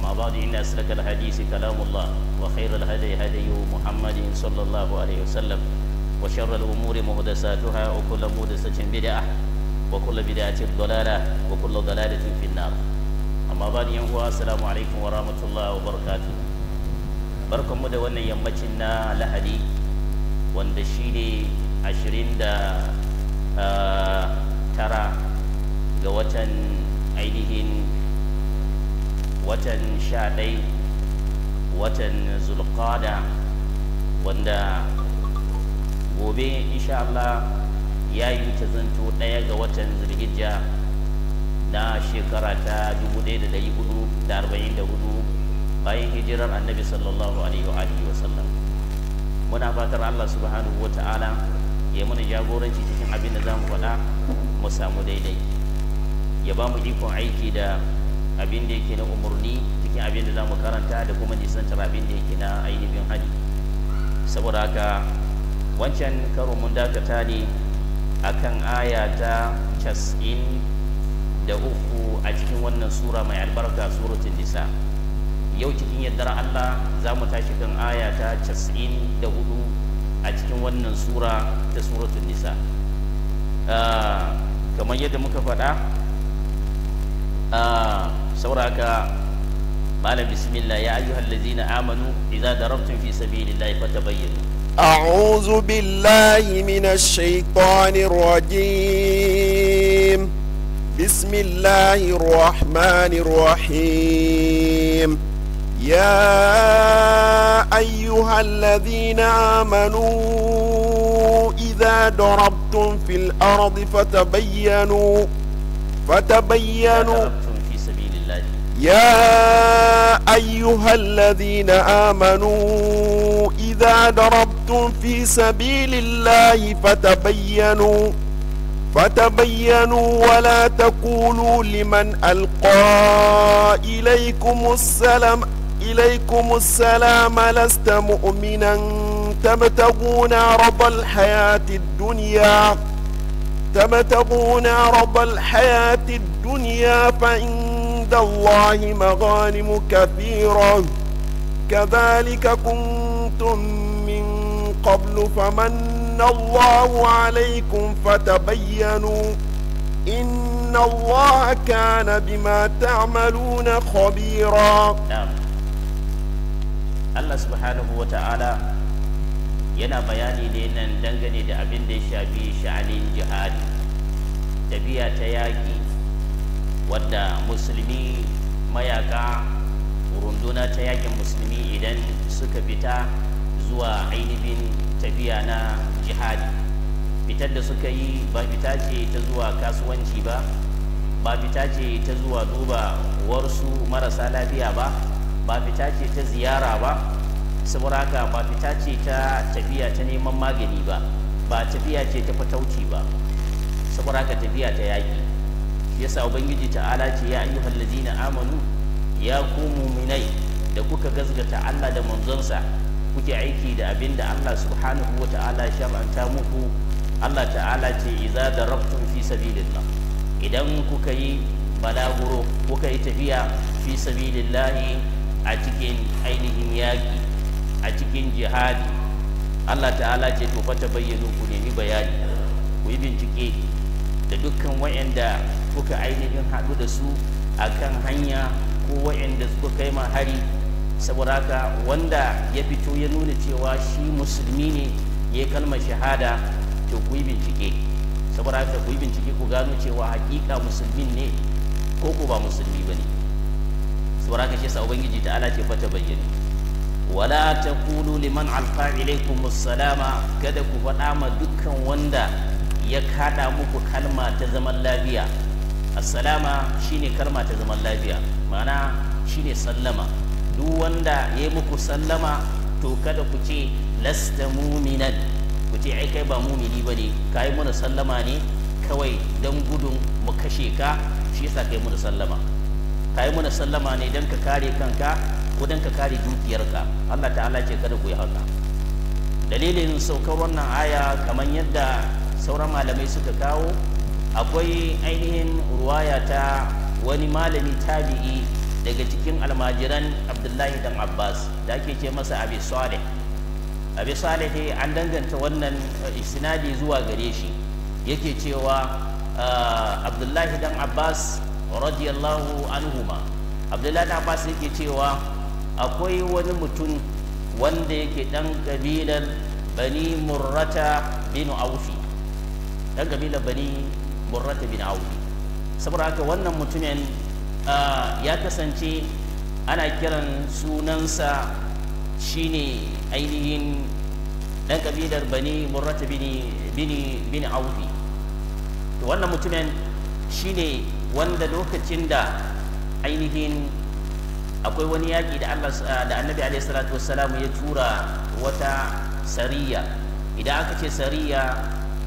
أما بعد إن أسلك الحديث كلام الله وخير الهدي هدي محمد صلى الله عليه وسلم وشر الأمور محدثاتها وكل محدثة بدعة وكل بدعة ضلالة وكل ضلالة في النار أما بعد ينهو السلام عليكم ورحمة الله وبركاته barkan mu da wannan yammacin na lahadi wanda shi ne ashirin da tara ga watan ainihin watan shaɗai watan zulqada wanda gobe insha Allah ya yi ta zanto ɗaya ga watan zulhijja na shekara ta 1444 bayan hijirar annabi sallallahu alaihi wa alihi sallam muna fatar Allah subhanahu wa ta'ala ya mana jagoranci cikin abin da zamu faɗa mu samu daidai ya ba mu ikon aiki da abin da yake na umarni cikin abin da za mu karanta da kuma nisantar abin da yake na ainihin hali saboda haka wancan karo mun dakata ne akan aya ta cas'in da uku a cikin wannan sura mai albarka suratun nisa yau cikin yardar allah za mu tashi kan ayata ta cas'in da hudu a cikin wannan sura ta suratun nisa ah, kamar yadda muka faɗa ah, بسم الله يا أيها الذين آمنوا إذا ضربتم في سبيل الله فتبينوا أعوذ بالله من الشيطان الرجيم بسم الله الرحمن الرحيم يا أيها الذين آمنوا إذا ضربتم في الأرض فتبينوا فتبينوا يا أيها الذين آمنوا إذا ضربتم في سبيل الله فتبينوا فتبينوا ولا تقولوا لمن ألقى إليكم السلام إليكم السلام لست مؤمنا تبتغون عرض الحياة الدنيا تبتغون عرض الحياة الدنيا فإن عند الله مغانم كثيرة كذلك كنتم من قبل فمن الله عليكم فتبينوا إن الله كان بما تعملون خبيرا نعم الله سبحانه وتعالى ينا بياني لنا nan دعبين دي abin da جهاد shafi تياكي wadda musulmi mayaka runduna ta yakin musulmi idan suka fita zuwa ainihin tafiya na jihadi fitar da suka yi ba fita ce ta zuwa kasuwanci ba ba fita ce ta zuwa duba warsu marasa lafiya ba ba fita ce ta ziyara ba saboda ba fita ce ta tafiya ta neman magani ba ba tafiya ce ta fatauci ba saboda tafiya ta yaki. yasa ubangiji ta'ala ce ya ayyuhal ladina amanu ya ku muminai da kuka gazgata Allah da manzonsa kuke aiki da abin da Allah subhanahu wa ta'ala shar'anta muku Allah ta'ala ce idza darabtum fi sabilillah idan kuka yi balaguro kuka yi tafiya fi sabilillah a cikin ainihin yaƙi a cikin jihadi Allah ta'ala ce to fa tabayyanu ku nemi bayani ku yi bincike da dukkan wayanda kuka ainihin haɗu da su a kan hanya ko waɗanda suka kai ma hari saboda haka wanda ya fito ya nuna cewa shi musulmi ne ya kalma shahada to ku yi bincike saboda haka ku yi bincike ku gano cewa hakika musulmin ne ko ku ba musulmi ba ne saboda haka shi sa ubangiji ta ala ce fata bayyana wala kulu liman alqa ilaykum musalama kada ku faɗa ma dukkan wanda ya kaɗa muku kalma ta zaman lafiya assalama shine karma ta zaman lafiya ma'ana shine sallama duk wanda ya yi muku sallama to kada ku ce lasta muminan ku ce ai kai ba mumini ba ne ka yi muna sallama ne kawai don gudun mu kashe ka shi yasa ka yi muna sallama ka yi muna sallama ne don ka kare kanka ko don ka kare dukiyarka Allah ta'ala ce kada ku yi haka dalilin saukar wannan aya kamar yadda sauran malamai suka kawo akwai ainihin ruwaya ta wani malami tabi'i daga cikin almajiran abdullahi dan abbas da ake ce masa abi salih abi salih an danganta wannan eh, isnadi zuwa gare shi yake cewa eh, abdullahi dan abbas radiyallahu anhuma abdullahi dan abbas yake cewa akwai wani mutum wanda yake dan kabilar bani murrata binu aufi dan kabilar bani burrata bin audi saboda haka wannan mutumin ah, ya kasance ana kiran sunansa shine ainihin dan kabilar bani burrata bin audi to wannan mutumin shine wanda lokacin da ainihin akwai wani yaƙi da Allah da annabi alaihi salatu ya tura wata sariya idan aka ce sariya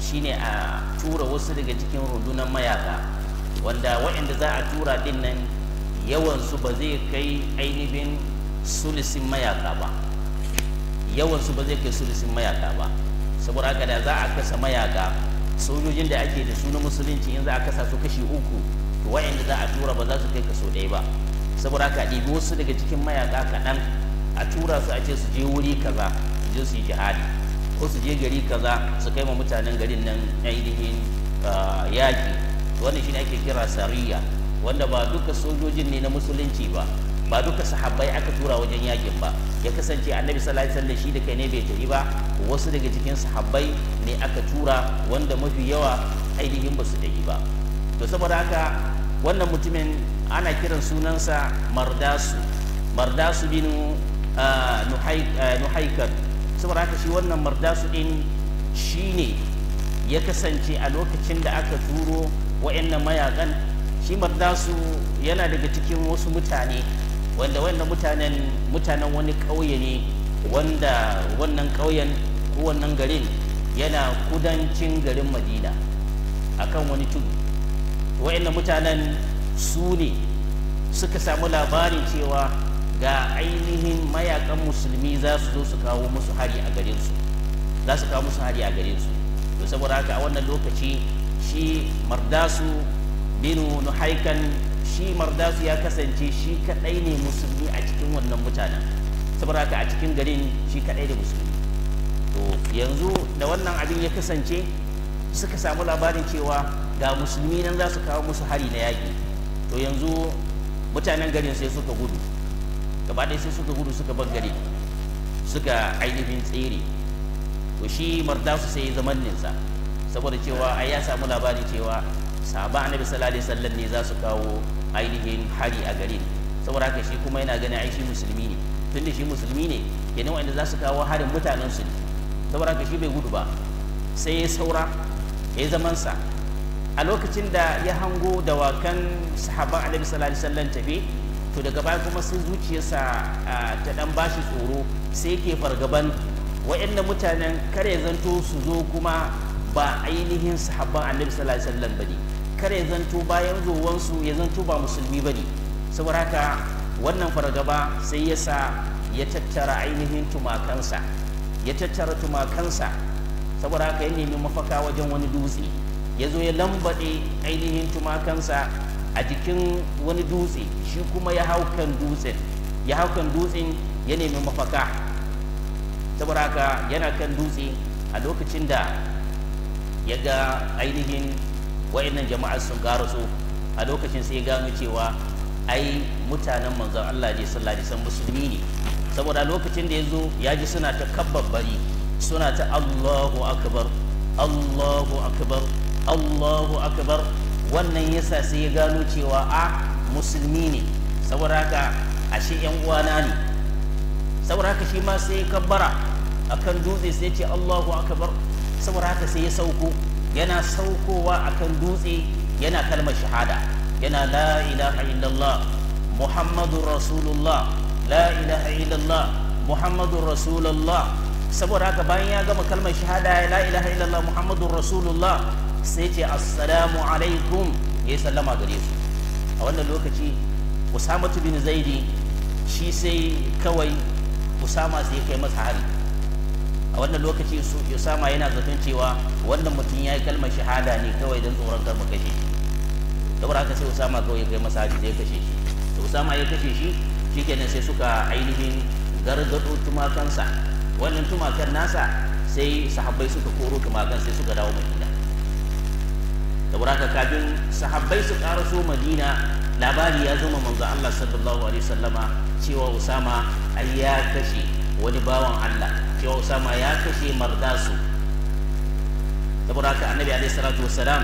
shine a tura wasu daga cikin rundunar mayaka wanda waɗanda za a tura din nan yawansu ba zai kai ainihin sulisin mayaka ba yawansu ba zai kai sulisin mayaka ba saboda haka da za a kasa mayaka sojojin da ake da sunan musulunci in za a kasa su kashi uku to waɗanda za a tura ba za su kai kaso ɗaya ba saboda haka ɗibi wasu daga cikin mayaka kaɗan a tura su a ce su je wuri kaza su je su yi jihadi ko su je gari kaza su kai ma mutanen garin nan ainihin ah, yaƙi wannan ne ake kira sariya wanda ba duka sojojin ne na musulunci ba ba duka sahabbai aka tura wajen yakin ba ya kasance annabi sallallahu alaihi wasallam shi da kai ne bai tafi ba wasu daga cikin sahabbai ne aka tura wanda mafi yawa ainihin ba su tafi ba to saboda haka wannan mutumin ana kiran sunansa mardasu mardasu bin ah, nuhaikan ah, saboda haka shi wannan mardasu din ne ya kasance a lokacin da aka turo wa'annan mayakan shi mardasu yana daga cikin wasu mutane wanda wannan mutanen mutanen wani ƙauye ne wanda wannan ƙauyen ko wannan garin yana kudancin garin madina akan wani tudu wa'annan mutanen su ne suka samu labarin cewa ga ainihin mayakan musulmi za su zo su kawo musu hari a gare su za su kawo musu hari a gare su to saboda haka a wannan lokaci shi mardasu binu nuhaikan shi mardasu ya kasance shi kadai ne musulmi a cikin wannan mutanen saboda haka a cikin garin shi kadai da musulmi to yanzu da wannan abin ya kasance suka samu labarin cewa ga musulmi nan za su kawo musu hari na yaƙi to yanzu mutanen garin sai suka gudu gaba ɗaya sai suka gudu suka bangare suka ainihin tsere to shi su sai ya zaman ninsa saboda cewa ai ya samu labari cewa sahaba annabi sallallahu alaihi wasallam ne za su kawo ainihin hari a garin saboda haka shi kuma yana ganin ai shi musulmi ne tunda shi musulmi ne kenan wanda za su kawo harin mutanen su ne saboda haka shi bai gudu ba sai ya saura ya zaman sa a lokacin da ya hango dawakan sahaba annabi sallallahu alaihi wasallam tafi to daga baya kuma sun zuciyarsa ta dan bashi tsoro sai yake fargaban waɗanda mutanen kare zanto su zo kuma ba ainihin sahabban annabi sallallahu alaihi wasallam bane kare zanto bayan zuwansu ya zanto ba musulmi bane saboda haka wannan fargaba sai ya sa ya tattara ainihin tumakansa ya tattara tumakansa saboda haka ya nemi mafaka wajen wani dutse ya zo ya lambaɗe ainihin tumakansa a jikin wani dutse shi kuma ya hau kan dutsen ya hau kan dutsen ya nemi mafaka saboda haka yana kan dutse a lokacin da ya ga ainihin wa'annan jama'a sun rasu a lokacin sai ya gano cewa ai mutanen manzon Allah ne sallallahu alaihi musulmi ne saboda lokacin da ya zo ya ji suna ta kabbabari suna ta Allahu akbar Allahu akbar Allahu akbar wannan yasa sai ya gano cewa a musulmi ne saboda haka ashe yan uwana ne saboda haka shi ma sai ya kabbara akan dutse sai ce Allahu akbar saboda haka sai ya sauko yana saukowa akan dutse yana kalmar shahada yana la ilaha illallah muhammadur rasulullah la ilaha illallah muhammadur rasulullah saboda haka bayan ya gama kalmar shahada la ilaha illallah muhammadur rasulullah sai ce assalamu alaikum ya yi sallama gare su a wannan lokaci usamatu bin zaidi shi sai kawai usama sai ya kai masa hari a wannan lokaci usama yana zaton cewa wannan mutum ya yi kalmar shahada ne kawai don tsoron karma kashe shi saboda haka sai usama kawai ya kai masa hari sai ya kashe shi da usama ya kashe shi shikenan sai suka ainihin gargado tumakansa wannan tumakan nasa sai sahabbai suka koro tumakan sai suka dawo madina saboda haka kafin sahabbai su karaso madina labari ya zama manzo Allah sallallahu alaihi wasallama cewa Usama ai ya kashe wani bawan Allah cewa Usama ya kashe mardasu saboda haka annabi alaihi salatu wasalam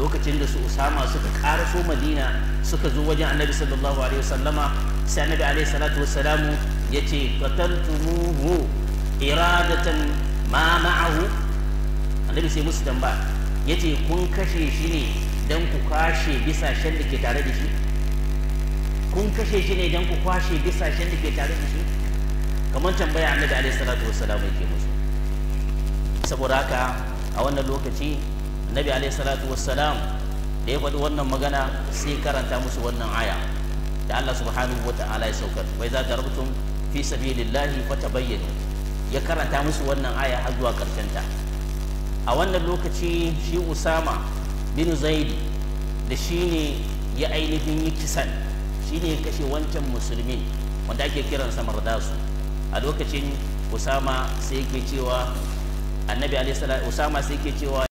lokacin da su Usama suka karaso madina suka zo wajen annabi sallallahu alaihi wasallama sai annabi alaihi salatu ya ce qataltumuhu iradatan ma ma'ahu annabi sai musu tambaya ya ce kun kashe shi ne don ku kwashe bisashen da ke tare da shi kun kashe shi ne don ku kwashe bisashen da ke tare da shi kamar tambaya annabi alaihi salatu wassalam yake musu saboda haka a wannan lokaci annabi alaihi salatu wassalam da ya faɗi wannan magana sai karanta musu wannan aya da Allah subhanahu wa ta'ala ya saukar bai za darabtum fi sabilillahi fatabayyanu ya karanta musu wannan aya har zuwa karshen a wannan lokaci shi usama bin zaidi da shi ne ya ainihin yi kisan shi ne kashe wancan musulmin wanda ake kiransa mardasu a lokacin usama sai ke cewa annabi usama sai ke cewa